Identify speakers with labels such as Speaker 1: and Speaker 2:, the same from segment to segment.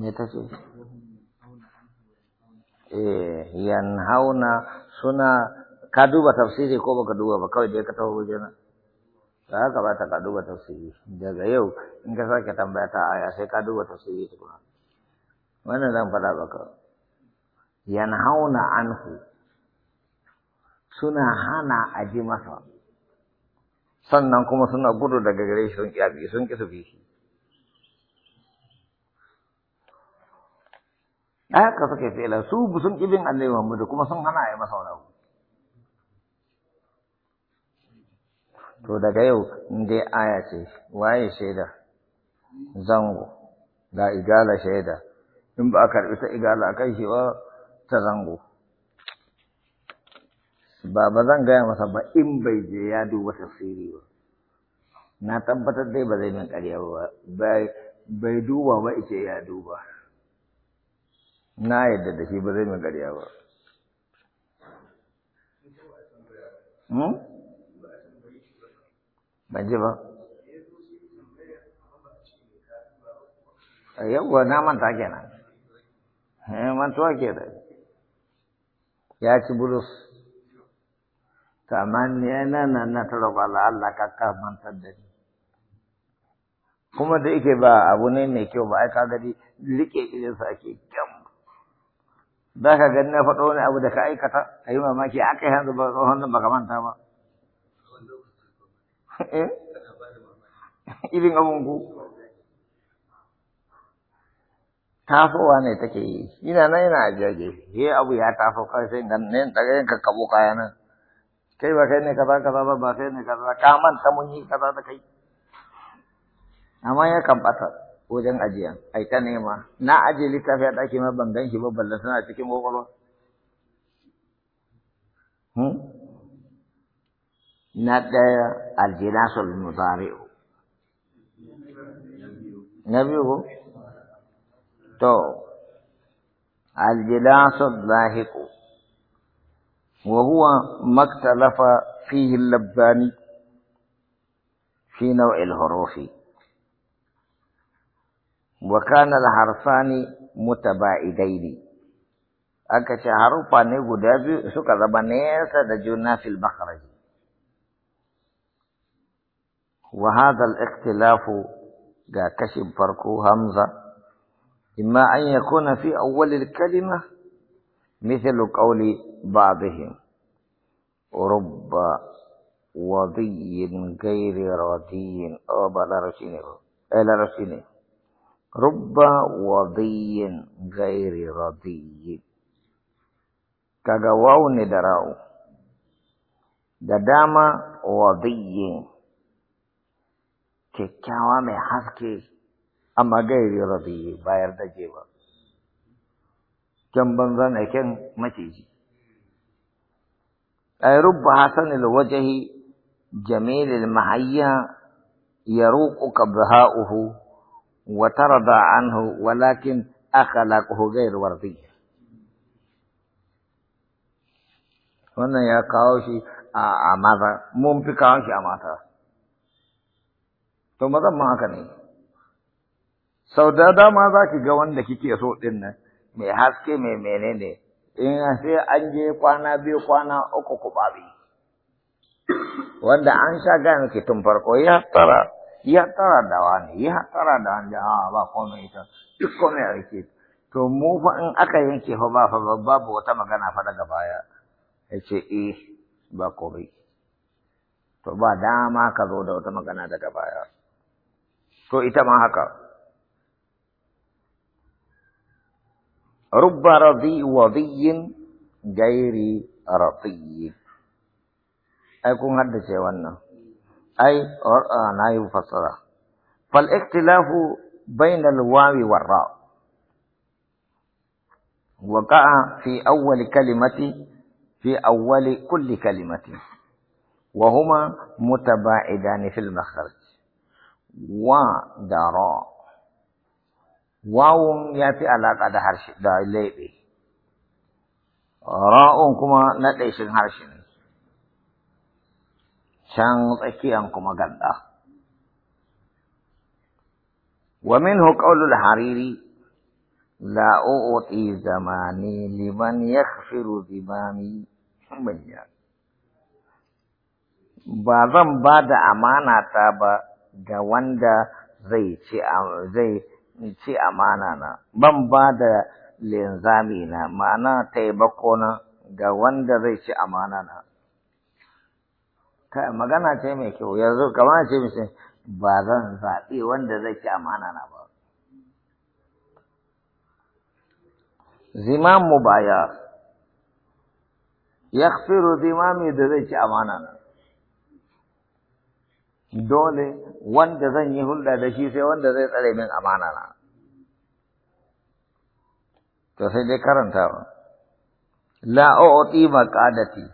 Speaker 1: me ta ce eh yanhauna suna ka duba tafsiri ko baka duba ba kawai kata ka taho wajena da haka ba ta ka duba tafsiri daga yau in ka sake tambaya ta aya sai ka duba tafsiri tukuna wannan zan faɗa baka yanhauna anhu suna hana a masa sannan kuma suna gudu daga gare shi sun ƙi sun ƙi su aka suke fela su sun ƙibin Allah da kuma sun hana a yi masa wani abu. To daga yau in dai aya ce waye shaida zango da igala shaida in ba a karɓi ta igala a kai wa ta zango. Ba ba zan gaya masa ba in bai je ya duba tafsiri ba. Na tabbatar dai ba zai min ƙarya ba bai duba ba ice ya duba. na yadda da shi ba zai mai ƙarya ba hmm? ban ji ba yawwa na manta kenan eh, mantuwa ke da ya ci bulus kamar ni yana nan na tara ba Allah ka mantar da ni kuma da yake ba abu ne mai kyau ba ai ka gari rike ilinsa sa ake kyau za ka gani na faɗo wani abu da ka aikata ka yi mamaki aka yi hanzu ba tsohon nan ba ka manta ba eh? irin abin ku tafowa ne take yi ina nan ina ajiye he abu ya tafo kawai sai nan ne daga yanka kabo kaya nan kai ba kai ne kaza kaza ba ba kai ne kaza ka manta mun yi kaza da kai amma ya kan batar wajen ajiya ai ta nema na aje littafi a ɗaki ma ban ganki ba balla sana cikin kwakwalwa na ɗaya aljinasul muzari'u na biyu to aljinasul lahiqu wa huwa maktalafa fihi labbani fi nau'il hurufi وكان الحرفان متباعدين aka ce harufa ne guda biyu suka zama nesa da juna fil makaraji wa hadha al ikhtilafu ga kashin farko hamza imma an yakuna fi awwal al kalima mithlu qawli ba'dihim rubba wadiyyin ghairi radiyin aw bala rashini ila rashini رب وضي غير kaga wawu ne da ra'u da dama wadiyye kyakkyawa mai haske amma gairi radiyye bayar da ba kyan banza na kyan maciji ay rubba hasanil wajhi jamilil mahayya yaruquka biha'uhu وترضى عنه ولكن أخلاقه غير وردية هنا يا كاوشي أماتا ممكن كاوشي أماتا ثم ما هكذا sau da dama za ki ga wanda kike so ɗin nan mai haske mai menene in sai an je kwana biyu kwana uku ku babi wanda an sha gane ki tun farko ya tara ya haɗara da wani ya haɗara da a ah, ba komai ita duk komai a rike to mu fa aka yanke fa ba babu wata magana fa baya ya ce eh ba komai to ba dama ka zo da wata magana daga baya to ita ma haka رب رضي وضي غير رضي أكون هذا شيء أي أنا آه، مفصلة فالاختلاف بين الواو والراء وقع في أول كلمة في أول كل كلمة وهما متباعدان في المخرج ودرا واو يأتي على قد هرش دا ليبي راء كما نتيش هرشن can tsakiyan kuma gaɗa. wa minhu qawlul hariri la u'ti zamani liman yakhfiru dhimami manya ba zan ba da amana ta ba ga wanda zai ci zai ci amana na ban ba da linzami na ma'ana taimako na ga wanda zai ci amana na magana ce mai kyau yanzu kamar ce mai ba zan zaɓi wanda zai ci amana na ba Zimamu baya ya zimami da zai ci amana na dole wanda zan yi hulɗa da shi sai wanda zai tsare min amana na to sai dai karantawa la u'ti maqadati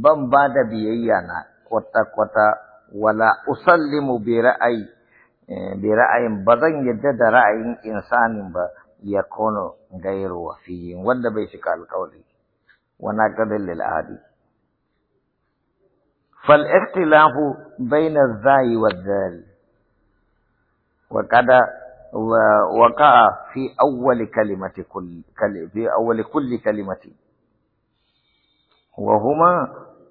Speaker 1: ban ba da biyayya na kota kota wala usallimu bi ra'ay bi ra'ayin ba yadda da ra'ayin insanin ba ya kono gairu wafiyin wanda bai cika alƙawari wana kadin lil adi fal ikhtilafu bayna zai wa dhal wa kada وقع في أول كلمة كل في أول كل كلمة وهما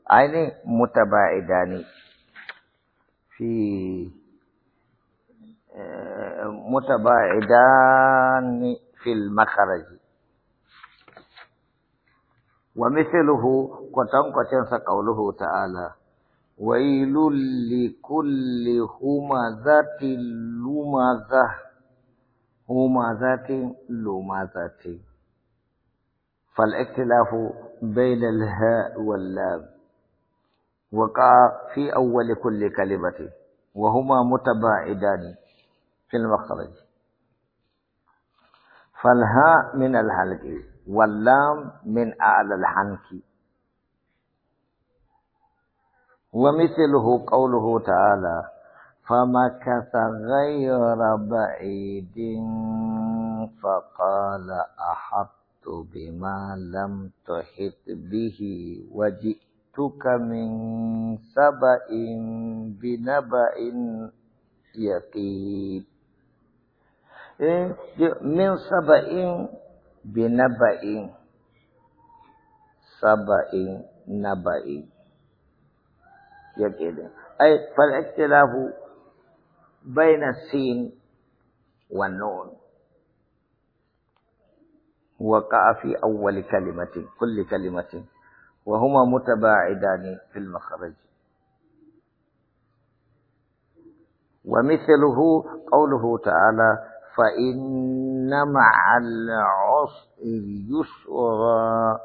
Speaker 1: ainihin mutaba'idani fi mutaba'idani fil makaraji wa mithluhu kwatankwacinsa qauluhu ta'ala wailul likulli humazatin lumazah همازات لومازات فالاختلاف بين الهاء واللام وقع في أول كل كلمة وهما متباعدان في المخرج فالهاء من الحلق واللام من أعلى الحنك ومثله قوله تعالى فمكث غير بعيد فقال أحط بما لم تحط به وجئت جئتك من سبأ بنبأ يقين إيه؟ من سبأ بنبأ سبأ نبأ يقين أي فالاختلاف بين السين والنون وقع في أول كلمة كل كلمة وهما متباعدان في المخرج ومثله قوله تعالى فإن مع العسر يسرا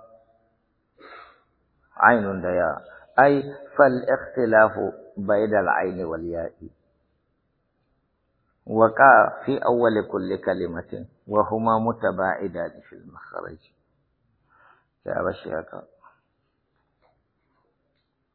Speaker 1: عين دياء أي فالاختلاف بين العين والياء وقع في أول كل كلمة وهما متباعدان في المخرج يا بشير